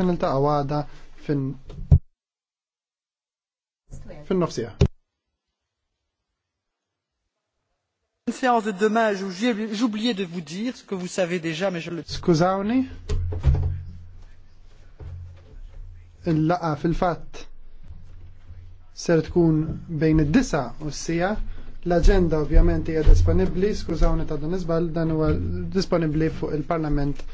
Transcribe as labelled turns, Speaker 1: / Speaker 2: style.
Speaker 1: Se niltaqgħu għada fin fin-nofsija.
Speaker 2: Une séance de demain, oublié de vous dire ce que vous savez déjà, mais je le...
Speaker 3: Skużawni?
Speaker 1: Il-laqa fil fat ser tkun bejn id-disa u s-sija. L-agenda ovvjament hija disponibbli, skużawni ta' dan iżbal, dan huwa disponibbli fuq il-Parlament